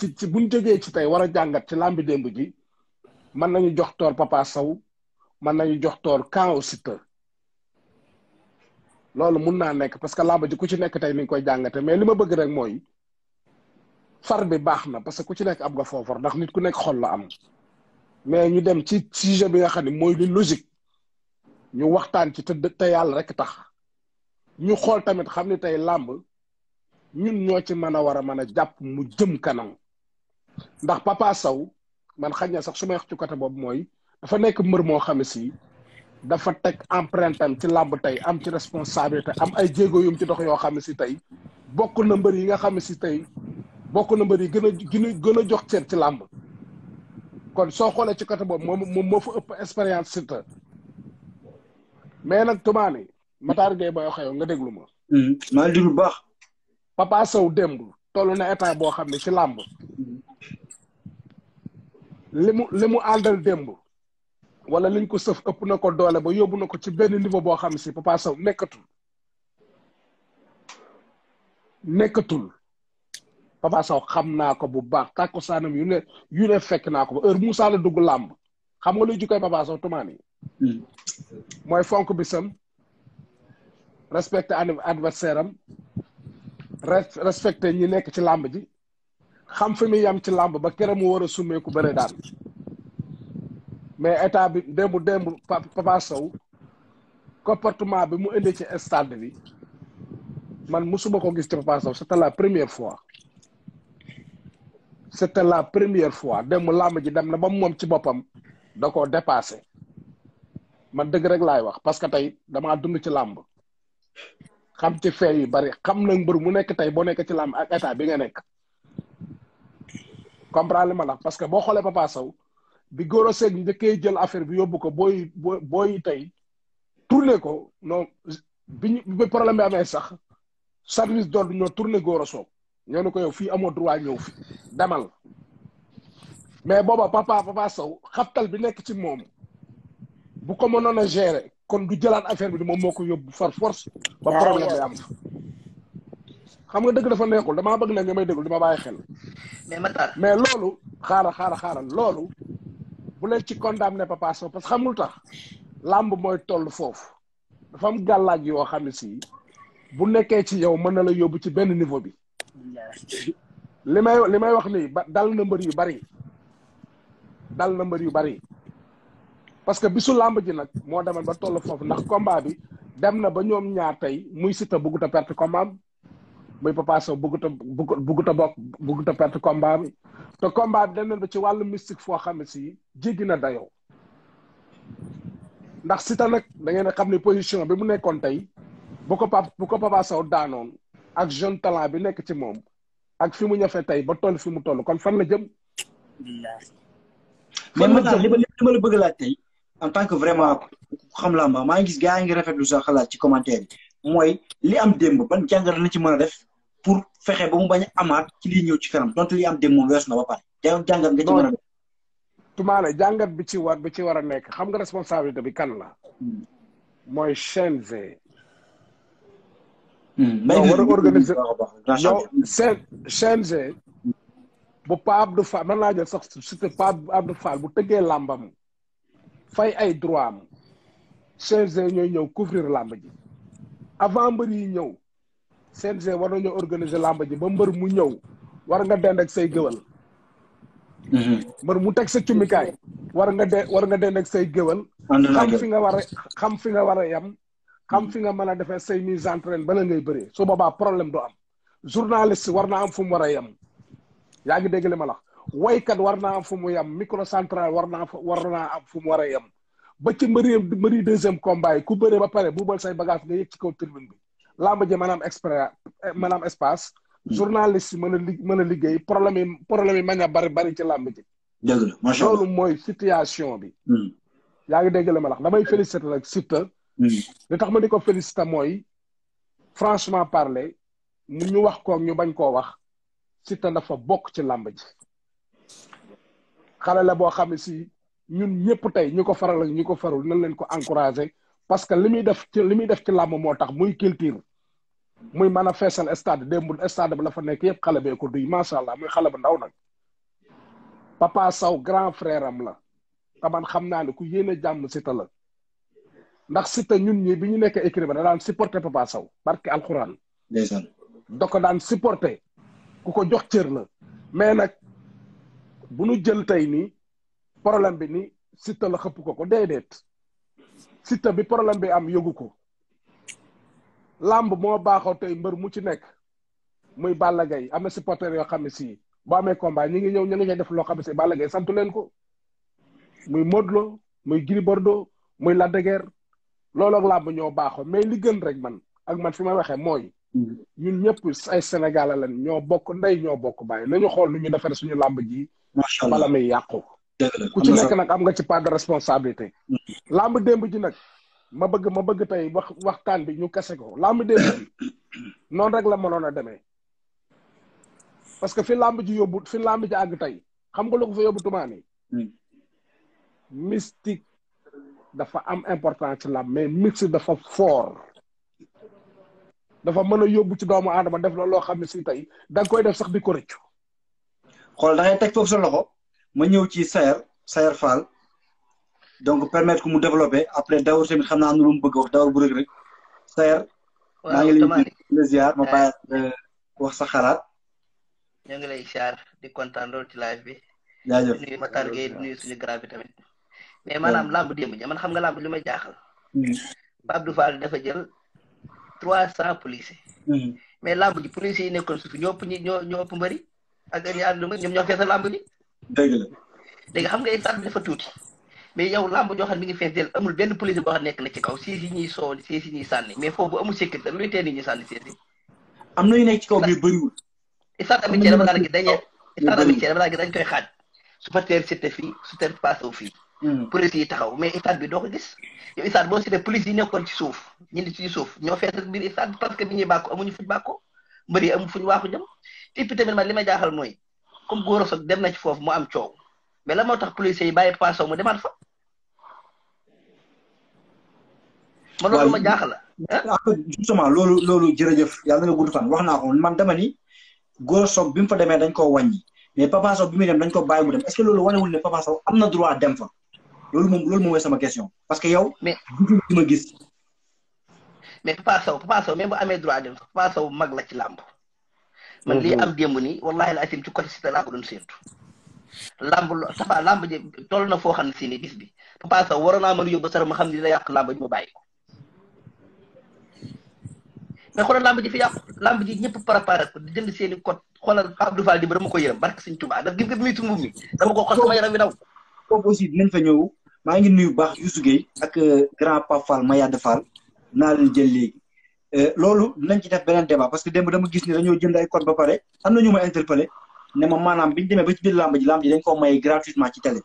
ci ci buñ jógee ci tey war a jàngat ci làmbi démb ji mën nañu jox toor Papa Sow mën nañu jox toor Kaaw Siteu loolu mun naa nekk parce que làmb ji ku ci nekk tey ni koy jàngate mais li ma bëgg rek mooy far bi baax na parce que ku ci nekk am nga foofor ndax nit ku nekk xol la am mais ñu dem ci sujet bi nga xam ne mooy li logique ñu waxtaan ci te te yàlla rek tax ñu xool tamit xam ni tey làmb ñun ñoo ci mën a war a mën a jàpp mu jëm kanam ndax Papa Sow man xaj na sax su may wax ci côté boobu mooy dafa nekk mbër moo xam ne si dafa teg empreinte ci làmb tey am ci responsabilité am ay jéego yum ci dox yoo xam ne si tey bokk na mbër yi nga xam ne si tey bokk na mbër yi gën a gën a jox ceeb ci làmb kon soo xoolee ci côté boobu moom moom moo fa ëpp expérience surtout mais nag tumaani Matar Gueye booy xew nga déglu ma. Hmm, maa déglu baax. Papa Sow démb toll na état boo xam ne ci làmb li mu li mu àndal démb wala liñ ko sëf ëpp na ko doole ba yóbbu na ko ci benn niveau boo xam si Papa Sow nekkatul nekkatul Papa xam naa ko bu baax tàkkusaanam yu yu ne fekk naa ko ba heure Moussa la dugg làmb xam nga luy jukkee Papa Sow tumaani hmm. mooy fonk bisam respecté adversaire am respecté ñi nekk ci làmb ji xam fi muy yam ci làmb ba këram mu war a summeeku bëre daal mais état bi démb démb Papa Sow comportement bi mu indi ci stade bi man musuma ko gis ci Papa Sow c'était la première fois c'était la première fois démb làmb ji dem na ba moom ci boppam da koo dépassé man dëgg rek laay wax parce que tey damaa dund ci làmb xam ci fee yu bari xam na mbër mu nekk tey boo nekk ci làmb ak état bi nga nekk comprendre li ma la parce que boo xoolee Papa Sow bi Goro Seck njëkkee jël affaire bi yóbbu ko booy booy tey tourné ko non bi bi problème bi amee sax service d'ordre ñoo tourné Goro Sock ñoo ne ko yow fii amoo droit ñëw fi demal mais booba papa Papa Sow xabtal bi nekk ci moom bu ko mënoon a gérer kon du jëlaat affaire bi moom moo ko yóbbu far force. ba problème lay am. xam nga dëgg dafa neexul damaa bëgg nag nga may déglu dama bàyyi xel. mais Matar mais loolu. xaaral xaaral xaaral loolu. bu leen ci condamné Papa Sow parce que xamul tax. làmb mooy toll foofu. dafa am gàllaaj yoo xam ne si. bu nekkee ci yow mën na la yóbbu ci benn niveau bi. li may li may wax nii ba dal na yu bari. dal na yu bari. parce que bisu làmb ji nag moo demal ba toll foofu ndax combat bi dem na ba ñoom ñaar tey muy Siteu bëggut a perte kombam bi muy Papa Sow bëggut a bëggut a bokk bëggut a perte combat bi te combat bi dem na ba ci wàllu mystique foo xam ne si jéggi na dayoo ndax Siteu nag dangeen xam ne position bi mu nekkoon tey bu ko pa bu ko Papa Sow daanoon ak jeune talent bi nekk ci moom ak fi mu ñafe tey ba toll fi mu toll kon fan la jëm. man li ma la bëgg laaj tey. en tant que vraiment xam laa ma maa ngi gis gaa ngi ngi lu sa xalaat ci commentaire mooy li am démb ban jàngat la ci mën a def pour fexe ba mu bañ a amaat ci liy ñëw ci kanam donte li am démb moom weesu na ba pare jàngat nga ci mën a def. jàngat bi ci war bi ci war a nekk xam nga responsabilité bi kan la. Hmm. mooy CNG. Hmm, mais war a organiser CNG. bu man laa jël sax bu tëggee làmbam. fay ay droit am CNG ñooy ñëw couvrir làmb ji avant mbër yi ñëw CNG war nañoo organiser làmb ji ba mbër mu ñëw war nga dend ak say géwal mhm. mbër mu teg sa cumikaay war nga de war nga dend ak say géwal xam fi nga war xam fi nga war a yem xam fi nga mën a defee say mis en train ngay bëree su boobaa problème doo am journaliste war na am fu mu war a yem yaa ngi dégg li ma la woykat war naa am fu mu yem microcentral war naa war naa am fu mu war a yem ba ci mëri mëri deuxième combat yi ku bëree ba pare buubal say bagage nga yëg ci kaw tribune bi làmb ji maanaam expert maanaam espace hmm. journaliste mën a li mën a liggéey problème yi problème yi mañ bari bari ci làmb ji loolu mooy situation bi hmm. yaa ngi dégg la ma wax damay féliciter nag Siteu hmm. li tax ma di ko féliciter mooy franchement parle mu ñu wax kook ñu bañ koo wax Siteu dafa bokk ci làmb ji xale la boo xam ne si ñun ñëpp tey ñu ko faral ak ñu ko farul nañ leen ko encouragé parce que li muy def ci li muy def ci làmb moo tax muy culture muy man a feesal stade démb stade bi la fa nekk yëpp xale bee ko duy macha allah muy xale bu ndaw nag papa saw grand frère am la te xam naa ne ku yéene jàmm Siteu la ndax Siteu ñun ñi bi ñu nekk écrit ba da daan supporter papa saw barke alxuraan da ko daan supporter ku ko jox cër la mais nag bu nu jël tey nii problème bi nii Siteu la xëpp ko ko déedéet Siteu bi problème bi am yëgu ko làmb moo baaxoo tey mbër mu ci nekk muy Balla Gaye am na supporter yoo xam ne si boo amee combat ñi ngi ñëw ñu ngi ñuy def loo xam ne si Balla santu leen ko muy Modou muy Gris Bordeaux muy Lac de Guiers loolu ak làmb ñoo baaxoo mais li gën rek man ak man fi may waxee mooy ñun ñëpp ay Sénégalais lañ ñoo bokk ndey ñoo bokk bàyyi nañu xool nu ñu defaree suñu làmb jii macha allah bala muy yàqu. ku ci nekk nag am nga ci part de responsabilité. Mm. làmb démb ji nag ma bëgg ma bëgg tey wax waxtaan bi ñu kese ko làmb démb ji noonu rek la mënoon a demee. parce que fi làmb ji yóbbu fi làmb ji àgg tey xam nga lu ko fa yóbbu tumaani. Mm. mystique dafa am important ci làmb mais mystique dafa fort. dafa mën a yóbbu ci doomu aadama def la loo xam ne si tey da nga koy def sax di ko rëccu. xool da ngay teg foofu sa loxo ma ñëw ci Saer Saer Fall donc permettre ku mu développer après Daour tamit xam naa na lu mu bëgg wax Daour bu rëg rek Saer maa ngi lay nuyu ma bàyyi euh, wax sa xalaat. ñu ngi lay ziar di kontaan lool ci bi. jaajëf nuyu Matar Gueye bi tamit. mais maanaam lamb démb ja man xam nga lamb li may jaaxal. Mm-hmm. Abdou Fall dafa jël trois cent policiers. Mm-hmm. mais lamb ji policiers yi nekkoon suuf ñoo ëpp ak Emi Addo bi dafa tuuti mais yow làmb joo xam mi am na yu nekk ci bëriwul. stade amitié dama daan gis dañ koy xaaj su fa teel cité fii su teel passé fii. Hmm. police yi taxaw mais stade bi doo ko gis yow stade boo cité police yi nekkoon ci suuf ñoo feesal biir stade parce que bi ñuy bàkku amuñu fu bàkku mbëri am fu ñu waaxu jëm et puis tamit man li ma jaaxal mooy comme Gora Sock dem na ci foofu mu am coow mais la moo tax policiers yi bàyyi Papa demaat fa. man loolu ma jaaxal la. Ah, justement loolu loolu jërëjëf yàlla na nga gudd fan wax naa man dama ni Gora Sock bi mu fa demee dañ ko wàññi mais Papa Sow bi muy dem dañ ko bàyyi mu dem est ce que loolu wanewul ne Papa Sow am na droit dem fa loolu moom loolu moom sama question parce que yow. mais gis. mais Papa Sow Papa Sow même bu amee droit dem sax Papa Sow mag la ci làmb. man lii am démb nii wallahi la asim ci côté Siteu laa ko doon séentu. làmb safa ji toll na foo xam ne si ni bis bi Papa Sow naa a yóbbu sax ma xam ne yàq làmb ji ma bàyyi ko. mais xoolal làmb ji fi yàq làmb ji ñëpp préparé ko di jënd seen i code xoolal Abdou Fall di ba dama ko yërëm barke Sëñ tubaa daf gis nga bi muy tumbum mi dama ko xos sama yaram bi daw. foofu aussi dinañ fa ñëw maa ngi nuyu baax Youssou Gueye ak euh, grand Pape Fall Mayade Fall. naa leen jël léegi euh, loolu nañ ci def beneen débat parce que dem démb dama gis ni dañoo jënd ay code ba pare am na ñu ma interpellé ne ma maanaam bi ñu demee ba ci biir làmb ji làmb ji dañ koo maye gratuitement ci télé.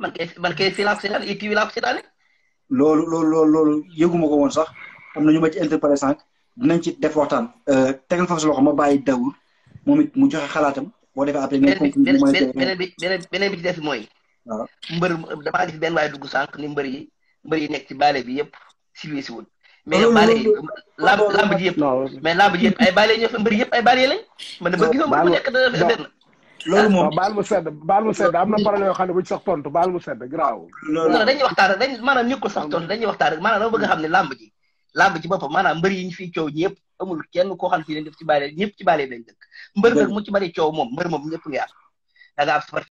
man kay man kay fii laa ko seetaan ITV loolu loolu loolu loolu yëguma ko woon sax am na ñu ma ci interpellé sànq dinañ ci def waxtaan. Euh, tegal foofu sa loxo ma bàyyi Daoud moom it mu joxe xalaatam boo defee après. ngay continué mooy beneen bi beneen bi ci def mooy. waaw mbër damaa gis benn waay dugg sànq ni mbër yi mbër yi nekk ci baale bi yëpp. silwee si wul. mais baale lamb lamb ji yëpp mais lamb ji yëpp ay baale ñoo fa mbëri moom baal sedd baal sedd am na parole yoo xam ne bu ñu sax tontu baal mu sedd garaaw. loolu non dañuy waxtaan rek dañ maanaam ñu ko sax tontu dañuy waxtaan rek maanaam bëgg a xam ne lamb ji lamb ji boppam maanaam mbër yi ñu fiy coow ñëpp amul kenn koo xam fii lañ def ci baale ñëpp ci baale lañ dëkk mbër nag mu ci bari coow moom mbër moom ñëpp nga am